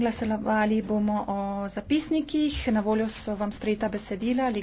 Glasovali bomo o zapisnikih, na voljo so vam sprejeta besedila ali